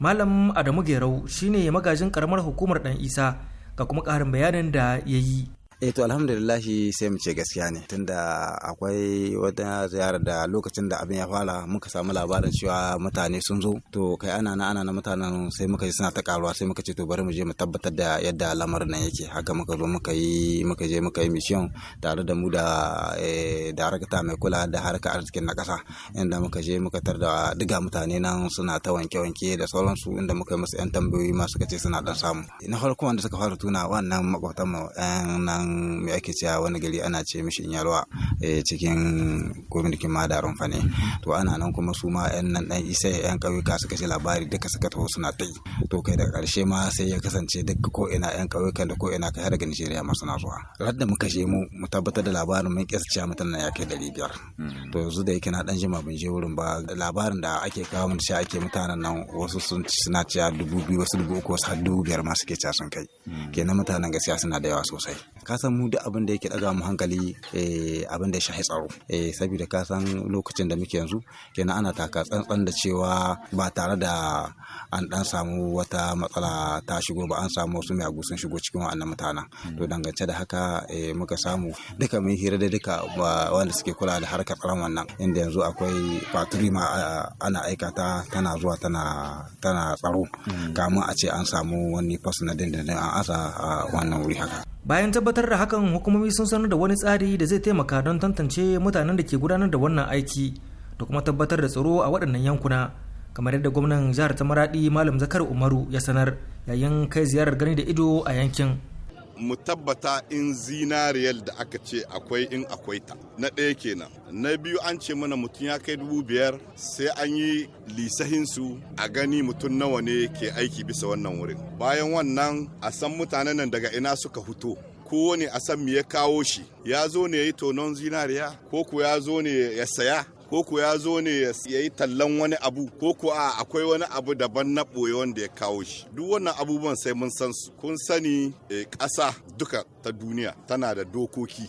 malam adamu gerau shine magajin karamar hukumar dan isa ga kuma ƙarin bayanin da ya yi eh to alhamdulillahi sai mu ce gaskiya ne tunda akwai wata ziyarar da lokacin da abin ya fara muka samu labarin cewa mutane sun zo to kai ana na ana na mutanen sai muka ji suna ta karuwa sai muka ce to bari mu je mu tabbatar da yadda lamarin nan yake haka muka zo muka yi muka je muka yi mission tare da mu da eh, darakta mai kula da harkar arzikin na kasa inda muka je muka tar da diga mutane nan suna ta wanke-wanke da sauransu inda muka yi musu yan tambayoyi masu kace suna dan samu na farko wanda suka fara tuna wannan makwatan nan wannan me ake cewa wani gari ana ce mishi inyalwa eh, cikin gwamnatin madarun fa ne to ana nan kuma su ma yan nan dan isa yan ƙauyuka suka ce labari duka suka taho suna tai to kai daga karshe ma sai ya kasance duk ko ina yan ƙauyukan da ko ina ka har daga Nijeriya ma suna zuwa radda muka je mu mu tabbatar da labarin mun kisa cewa mutan nan ya kai dari biyar mm. to yanzu da yake na dan jima ban je wurin ba labarin da ake kawo mun sha ake mutanen nan wasu sun suna cewa dubu biyu wasu dubu uku wasu har dubu biyar ma suke cewa sun kai mm. kenan mutanen gaskiya suna da yawa sosai ka san mu duk abin da yake daga mu hankali eh, abin da ya shahi tsaro eh, saboda ka san lokacin da muke yanzu kenan ana taka tsantsan da cewa ba tare da an dan samu wata matsala ta shigo ba an samu wasu miyagu sun shigo cikin wa'annan mutanen to dangance da haka eh, muka samu duka mun hira da duka wanda suke kula da harkar tsaron wannan inda yanzu akwai faturi ma ana aika ta tana zuwa tana tana tsaro hmm. kamun a ce an samu wani fas na dindindin an asa wannan wuri haka bayan tabbatar da hakan hukumomi sun sanar da wani tsari da zai taimaka don tantance mutanen da ke gudanar da wannan aiki da kuma tabbatar da tsaro a waɗannan yankuna kamar yadda gwamnan jihar ta maradi malam zakar umaru ya sanar yayin kai ziyarar gani da ido a yankin mu tabbata in zinariyar da aka ce akwai in akwai ta na ɗaya kenan na biyu an ce mana mutum ya kai dubu biyar sai an yi lisahinsu a gani mutum nawa ne ke aiki bisa wannan wurin bayan wannan a san mutanen nan daga ina suka fito kowane a san me ya kawo shi ya zo ne ya yi tonon zinariya ko ku ya zo ne ya saya ko ku ya zo ne ya yi tallan wani abu ko ku a akwai wani abu daban na ɓoye wanda ya kawo shi duk wannan abubuwan sai mun san su kun sani e, ƙasa duka ta duniya tana da dokoki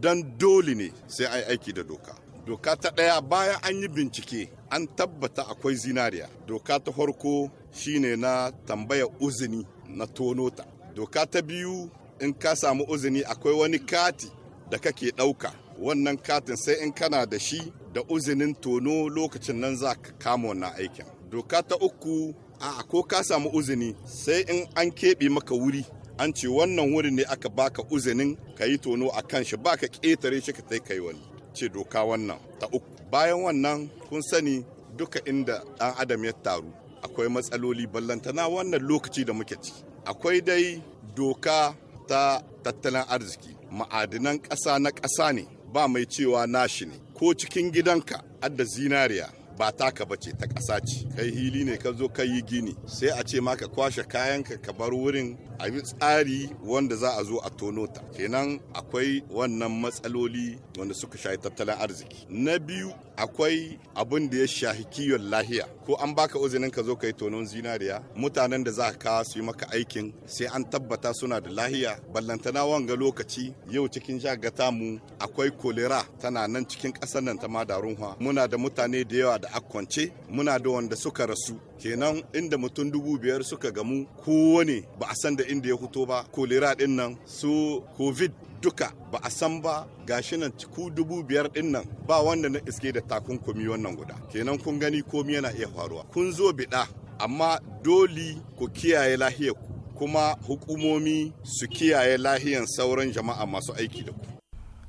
don dole ne sai an aiki da doka doka ta ɗaya bayan an yi bincike an tabbata akwai zinariya doka ta farko shine na tambaya uzini na tonota doka ta biyu in ka samu uzini akwai wani kati da kake ɗauka wannan katin sai in kana da shi da uzinin tono lokacin nan za ka kama wannan aikin doka ta uku a ko ka samu uzini sai in an keɓe maka wuri an ce wannan wuri ne aka baka uzinin ka yi tono a kan shi baka ƙetare shi ka kai wani ce doka wannan ta uku bayan wannan kun sani duka inda ɗan adam ya taru akwai matsaloli ballantana wannan lokaci da muke ci akwai dai doka ta tattalin arziki ma'adinan ƙasa na ƙasa ne ba mai cewa nashi ne ko cikin gidanka adda zinariya ba taka ba ce ta ƙasa ce kai hili ne ka zo ka yi gini sai a ce ma ka kwashe kayanka ka bar wurin a bi tsari wanda za a zo a tono ta kenan akwai wannan matsaloli wanda suka shahi tattalin arziki na biyu akwai abin da ya shahi kiwon lahiya ko an baka uzinin ka zo ka yi tonon zinariya mutanen da za ka kawo su yi maka aikin sai an tabbata suna da lahiya ballantana wanga lokaci yau cikin jagata mu akwai kolera tana nan cikin ƙasar nan ta madarunwa muna da mutane da yawa da akwance muna da wanda suka rasu kenan inda mutum dubu biyar suka gamu kowane ba a san da inda ya fito ba kolera din nan su covid duka ba a san ba gashi nan ku dubu biyar din nan ba wanda na iske da takunkumi wannan guda kenan kun gani komi yana iya faruwa kun zo biɗa amma doli ku kiyaye lahiyar ku kuma hukumomi su kiyaye lahiyan sauran jama'a masu aiki da ku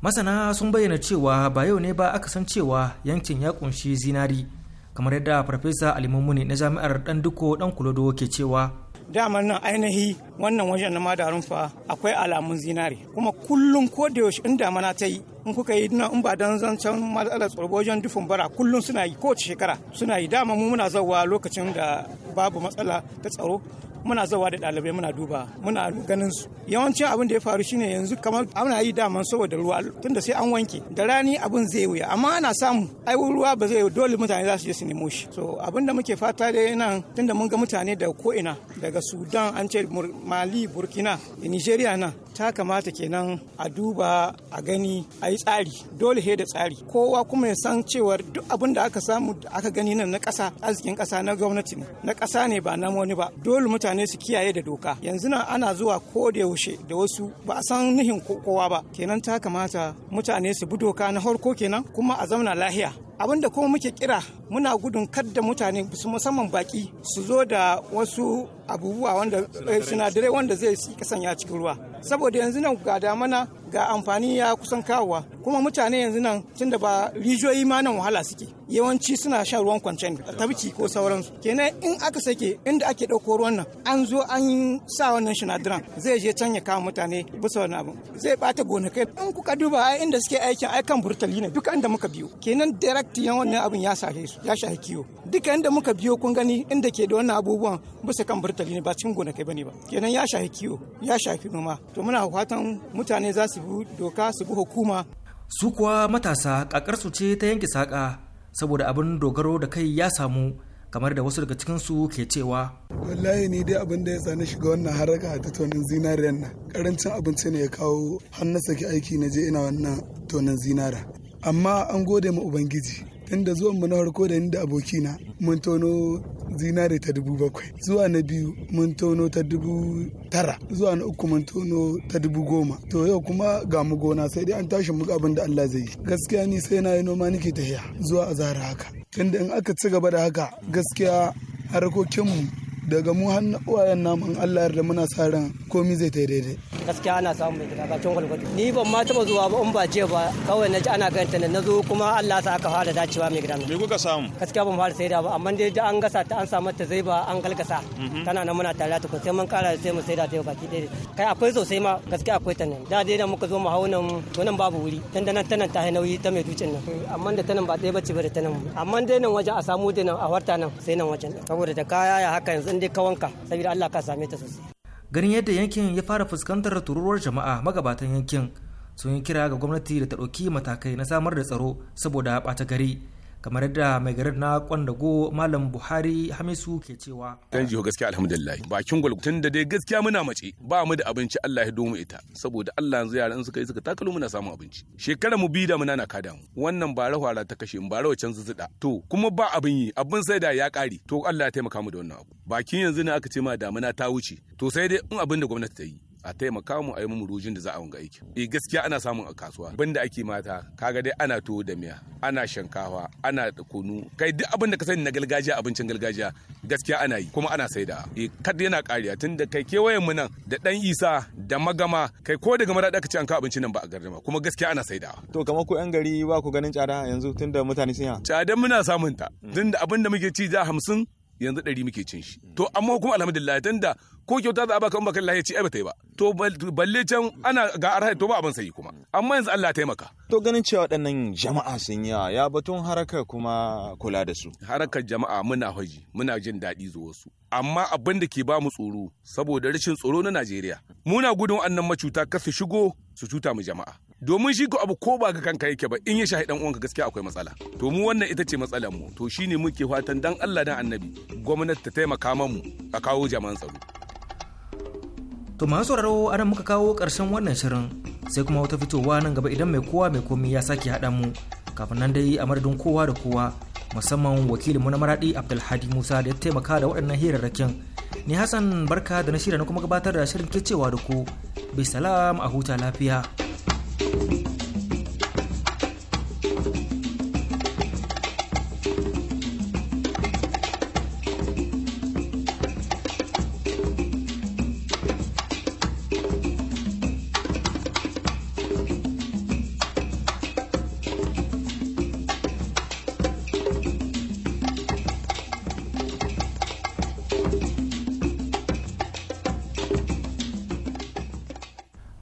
masana sun bayyana cewa ba yau ne ba aka san cewa yankin ya kunshi zinari kamar yadda farfesa alimumuni na jami'ar dan duko dan kulodo ke cewa dama nan ainihi wannan wajen na madarun fa akwai alamun zinare kuma kullum ko da yaushe in mana ta yi in kuka yi nan in ba dan zancen matsalar tsorbo wajen dufin bara kullum suna yi kowace shekara suna yi dama mu muna zauwa lokacin da babu matsala ta tsaro muna zawa da ɗalibai muna duba muna ganin su yawancin abin da ya faru shine yanzu kamar ana yi daman saboda ruwa tunda sai an wanke da rani abin zai wuya amma ana samu ai ruwa ba zai dole mutane za su je su nemo shi so abin da muke fata da nan tunda mun ga mutane da ko ina daga Sudan an ce Mali Burkina da Nigeria nan ta kamata kenan a duba a gani a yi tsari dole he da tsari kowa kuma ya san cewar duk abin da aka samu aka gani nan na ƙasa arzikin ƙasa na gwamnati ne na ƙasa ne ba na wani ba dole mutane mutane su kiyaye da doka yanzu nan ana zuwa ko da yaushe da wasu ba a san nihin kowa ba kenan ta kamata mutane su bi doka na harko kenan kuma a zauna lahiya abin da kuma muke kira muna gudun kadda mutane su musamman baki su zo da wasu abubuwa wanda eh, sinadarai wanda zai sanya cikin ruwa saboda yanzu nan ga damana ga amfani ya kusan kawowa kuma mutane yanzu nan tun da ba rijiyoyi ma nan wahala suke yawanci suna shan ruwan kwancen tabki ko sauransu kenan in aka sake inda ake ɗauko ruwan nan an zo an yi sa wannan shinadiran zai je can ya kama mutane bisa wani abu zai bata gonakai in kuka duba ai inda suke aikin aikan burtali ne duka inda muka biyo kenan direct yan wannan abin ya shafe su ya shafi kiyo duka inda muka biyo kun gani inda ke da wannan abubuwan bisa kan burtali ne ba cikin gonakai bane ba kenan ya shahi kiyo, ya shafi noma to muna fatan mutane za su bi doka su bi hukuma su kuwa matasa kakar su ce ta yanke saƙa saboda abin dogaro da kai ya samu kamar da wasu daga cikin su ke cewa wallahi ne dai abin da ya tsani shiga wannan haraka ta tattaunin zinariyar nan karancin abinci ne ya kawo hannun saki aiki na je ina wannan tonin zinara amma an gode ma ubangiji inda zuwan mu na farko da inda abokina mun tono zinare ta dubu bakwai zuwa na biyu mun tono ta dubu tara zuwa na uku mun tono ta dubu goma to yau kuma ga mu gona sai dai an tashi muka abin da Allah zai yi gaskiya ni sai na yi noma nake tafiya zuwa a zara haka tunda in aka ci gaba da haka gaskiya harkokinmu daga mu har uwayen namu in Allah yarda muna sa ran komai zai ta daidai gaskiya ana samu mai gida bakin gwalgwado ni ban ma taba zuwa ba in ba je ba kawai na ji ana ganta ne na zo kuma Allah sa aka fara dacewa mai gida me kuka samu gaskiya ban fara saida ba amma dai da an gasa ta an samu ta zai ba an galgasa mhm. tana nan muna tare ta kun sai mun kara sai mu saida ta yau baki daidai kai akwai sosai ma gaskiya akwai ta nan da dai da muka zo mu hau nan to nan babu wuri dan da nan ta nan ta nauyi ta mai ducin nan amma da ta nan ba ɗaya bace ba da ta nan amma dai nan wajen a samu dai nan a warta nan sai nan wajen saboda da kaya ya haka yanzu dai kawanka saboda Allah ka same ta sosai ganin yadda yankin ya fara fuskantar tururuwar jama'a magabatan yankin sun yi kira ga gwamnati da ta ɗauki matakai na samar da tsaro saboda ɓata gari kamar da mai garin na kwandago malam buhari hamisu ke cewa dan jiho gaskiya alhamdulillah bakin tun da dai gaskiya muna mace ba mu da abinci Allah ya domu ita saboda Allah yanzu yaran suka yi suka takalo muna samun abinci shekara mu bi da muna na kada mu wannan bara hwara ta kashe bara wacan zuzuda to kuma ba abin yi abin sai da ya kare to Allah ya taimaka mu da wannan abu bakin yanzu ne aka ce ma damuna ta wuce to sai dai in abin da gwamnati ta yi a taimaka mu a yi mu rujin da za a wanga aiki e gaskiya ana samun a kasuwa banda ake mata kaga dai ana tuwo da miya ana shankawa ana kunu kai duk abin da ka sani na gargajiya abincin gargajiya gaskiya ana yi kuma ana saida e kad yana kariya tunda kai kewayen mu nan da dan isa da magama kai ko daga marada ka ci an ka abincin nan ba a gardama kuma gaskiya ana saida to kamar ku yan gari ba ku ganin tsada yanzu tunda mutane sun ya tsadan muna samun ta mm. tunda abin da muke ci da hamsin yanzu ɗari muke cin shi mm. to amma kuma alhamdulillah tunda ko kyauta za a baka in baka lahiya ci ai ta yi ba to balle can ana ga arha to ba abin sayi kuma amma yanzu Allah taimaka to ganin cewa waɗannan jama'a sun yi ya batun haraka kuma kula da su harakar jama'a muna haji muna jin daɗi zuwa su amma abin da ke ba mu tsoro saboda rashin tsoro na Najeriya muna gudun annan macuta ka su shigo su cuta mu jama'a domin shi ko abu ko ba ga kanka yake ba in ya shahi dan uwanka gaskiya akwai matsala to mu wannan ita ce matsalar mu to shine muke fatan dan Allah dan Annabi gwamnati ta taimaka mamu a kawo jama'an tsaro To masu sauraro anan muka kawo karshen wannan shirin sai kuma wata fitowa nan gaba idan mai kowa mai komi ya sake haɗa mu kafin nan dai a madadin kowa da kowa musamman wakilinmu na maraɗi Abdulhadi Musa da ya taimaka da waɗannan hirarrakin. Ni Hassan barka da na shirya na kuma gabatar da shirin ke da ku bisalam a huta lafiya. thank you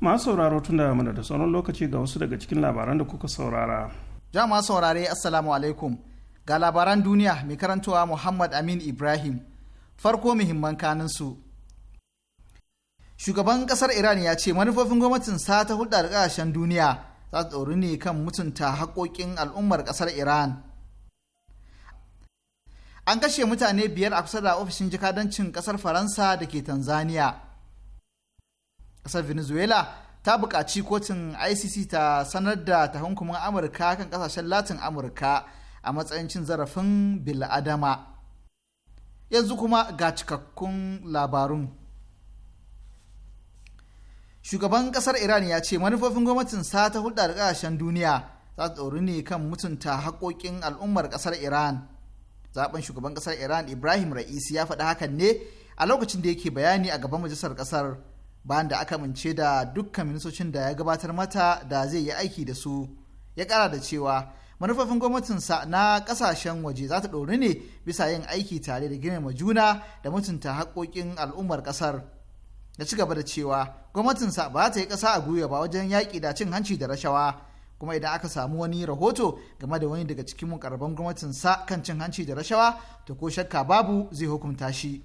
masu sauraro tun da mana da sauran lokaci ga wasu daga cikin labaran da kuka saurara. Ja masu saurare Assalamu alaikum. Ga labaran duniya mai karantowa Muhammad Amin Ibrahim. Farko muhimman kanin su. Shugaban kasar Iran ya ce manufofin gwamnatin sa ta hulɗa da ƙasashen duniya za ta ɗori ne kan mutunta haƙoƙin al'ummar ƙasar Iran. An kashe mutane biyar a kusa da ofishin jikadancin ƙasar Faransa da ke Tanzania. kasar venezuela ta bukaci kotun icc ta sanar da tahunkumin amurka kan kasashen latin amurka a matsayin cin zarafin bil'adama yanzu kuma ga cikakkun labarun shugaban kasar iran ya ce manufofin gwamnatin sa ta hulɗa da ƙasashen duniya za ta ɗori ne kan mutunta haƙoƙin al'ummar kasar iran zaben shugaban kasar iran ibrahim ra'isi ya faɗi hakan ne a lokacin da yake bayani a gaban majalisar ƙasar bayan da aka mince da dukkan ministocin da ya gabatar mata da zai yi aiki da su ya kara da cewa manufofin gwamnatinsa na kasashen waje za ta ɗori ne bisa yin aiki tare da girmama juna da mutunta haƙoƙin al'ummar ƙasar da ci gaba da cewa gwamnatinsa ba ta yi ƙasa a gwiwa ba wajen yaƙi da cin hanci da rashawa kuma idan aka samu wani rahoto game da wani daga cikin mukarraban gwamnatinsa kan cin hanci da rashawa to ko shakka babu zai hukunta shi.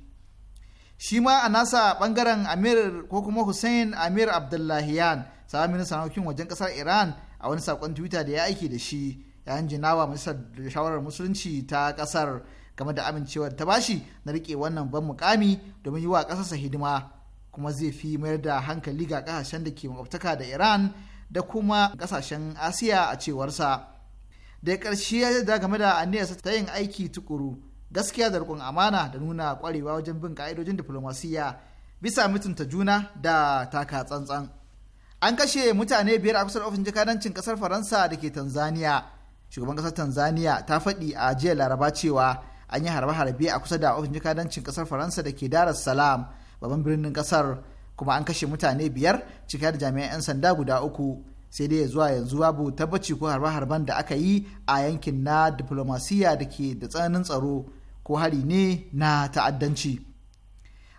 shi ma a nasa bangaren amir ko kuma hussein amir abdullahiyan sami sanaukin wajen kasar iran a wani sakon twitter da ya aiki da shi yayin jinawa majalisar shawarar musulunci ta kasar game da amincewar ta bashi na rike wannan ban mukami domin yi wa kasarsa hidima kuma zai fi mayar da hankali ga kasashen da ke makwabtaka da iran da kuma kasashen asiya a cewarsa da ƙarshe ya game da aniyarsa ta yin aiki tukuru gaskiya da rikon amana da nuna kwarewa wajen bin ka'idojin diplomasiya bisa mutunta juna da taka tsantsan. An kashe mutane biyar a kusa da ofishin jakadancin kasar Faransa da ke Tanzania. Shugaban kasar Tanzania ta faɗi a jiya Laraba cewa an yi harbe-harbe a kusa da ofishin jakadancin kasar Faransa da ke Dar es Salaam babban birnin kasar kuma an kashe mutane biyar cike da jami'an 'yan sanda guda uku sai dai zuwa yanzu babu tabbaci ko harbe-harben da aka yi a yankin na diflomasiyya da ke da tsananin tsaro ko hari ne na ta'addanci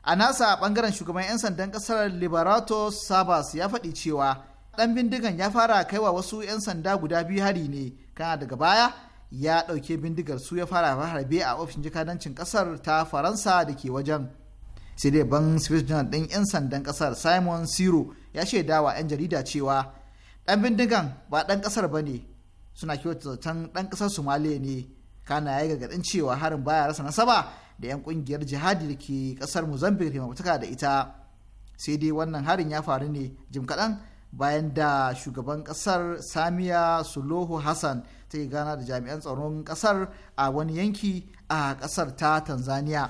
a nasa bangaren shugaban 'yan sandan kasar liberato sabas ya faɗi cewa ɗan bindigan ya fara kaiwa wasu 'yan sanda guda biyu hari ne kana daga baya ya ɗauke bindigar su ya fara harbe a ofishin jikadancin kasar ta faransa da ke wajen sai dai ban janar ɗin 'yan sandan kasar simon siro ya shaidawa 'yan jarida cewa ɗan bindigan ba ɗan kasar ba ne suna kyautar zaton ɗan kasar somaliya ne kana ya gargaɗin cewa harin baya rasa nasaba da 'yan kungiyar jihadi da ke kasar mozambique ke mamutuka da ita sai dai wannan harin ya faru ne jim kaɗan bayan da shugaban kasar samiya suluhu hassan ta gana da jami'an tsaron kasar a wani yanki a kasar ta tanzania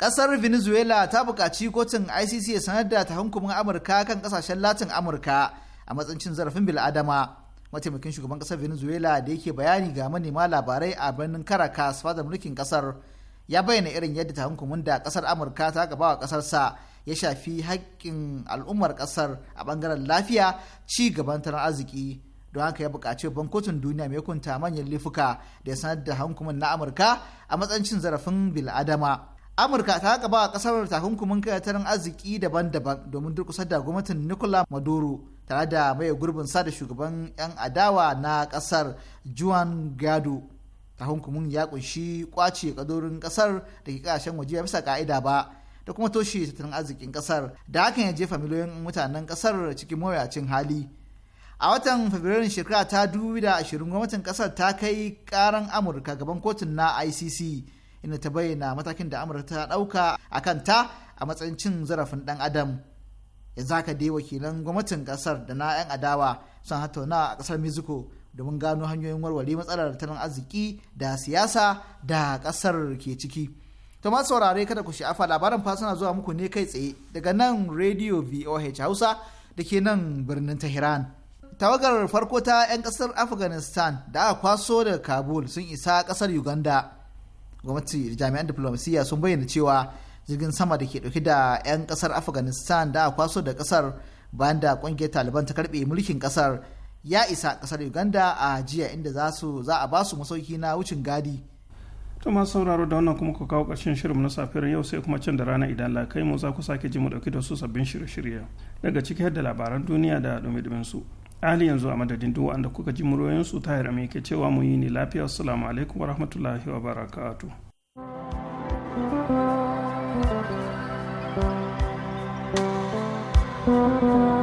kasar venezuela ta bukaci kotun icc ya sanar da ta hankumin amurka kan ƙasashen latin amurka a matsayin zarafin bil'adama mataimakin shugaban kasar venezuela da yake bayani ga manema labarai a birnin caracas fadar mulkin kasar ya bayyana irin yadda takunkumin da kasar amurka ta gaba wa kasarsa ya shafi haƙƙin al'ummar kasar a bangaren lafiya ci gaban tattalin arziki don haka ya buƙaci babban kotun duniya mai hukunta manyan laifuka da ya sanar da hankumin na amurka a matsayin cin zarafin bil'adama amurka ta gaba wa kasar takunkumin kayatarin arziki daban-daban domin durkusar da gwamnatin nicola maduro tare da mai gurbin sada shugaban 'yan adawa na kasar juan gado ta tahunkumin ya kunshi kwace kadorin kasar da ke kasashen waje bisa ka'ida ba da kuma toshe tattalin arzikin kasar da hakan ya jefa miliyoyin mutanen kasar cikin mawuyacin hali a watan fabrairun shekara ta ashirin gwamnatin kasar ta kai karan amurka gaban kotun na icc inda ta bayyana matakin da amurka ta dauka a kanta a matsayin cin zarafin dan adam yanzu zaka dai wakilan gwamnatin kasar da na 'yan adawa sun hatauna a kasar mexico domin gano hanyoyin warware matsalar tattalin arziki da siyasa da kasar ke ciki to ma saurare kada ku sha'afa labarin fa suna zuwa muku ne kai tsaye daga nan radio voh hausa da ke nan birnin tehran tawagar farko ta 'yan kasar afghanistan da aka kwaso daga kabul sun isa kasar uganda gwamnati da jami'an diplomasiya sun bayyana cewa jirgin sama da ke dauke da 'yan kasar afghanistan da kwaso da kasar bayan da kungiyar taliban ta karbe mulkin kasar ya isa kasar uganda a jiya inda za a ba su masauki na wucin gadi to masu sauraro da wannan kuma ku kawo ƙarshen shirin na safiyar yau sai kuma can da rana idan la mu za ku sake ji mu dauki da su sabbin shirye-shirye daga ciki da labaran duniya da dumi su ali yanzu a madadin duk wanda kuka ji muryoyin su tahir ke cewa mu yi ne lafiya assalamu alaikum wa rahmatullahi wa barakatuh Música